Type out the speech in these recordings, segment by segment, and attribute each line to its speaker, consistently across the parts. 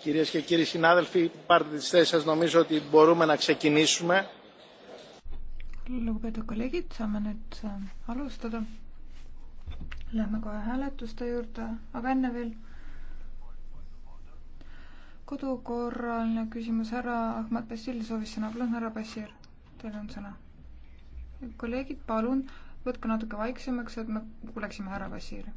Speaker 1: Κυρίες και κύριοι συνάδελφοι, πάρτε τις θέσεις σας. Νομίζω ότι μπορούμε να ξεκινήσουμε.
Speaker 2: Lugupeetud kolleegid, saame nüüd äh, alustada. Läheme kohe hääletuste juurde, aga enne veel kodukorraline küsimus. Härra Ahmad Bashir soovis sõna. Palun, härra Bashir, teil on sõna. Kolleegid, palun võtke natuke vaiksemaks, et me kuuleksime härra Bashiri.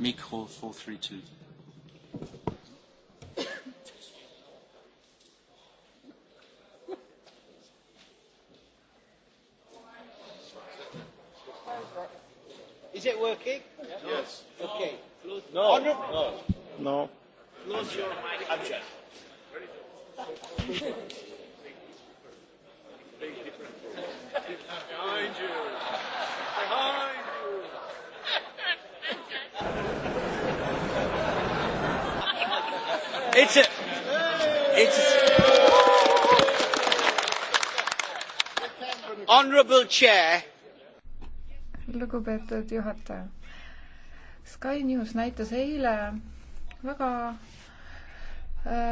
Speaker 2: Micro 432.
Speaker 1: Is it working? Yes. Okay. No. No. No. Close your mic. Object.
Speaker 2: it's a, it's a, honourable chair. lugupeetud juhataja. Sky News näitas eile väga äh,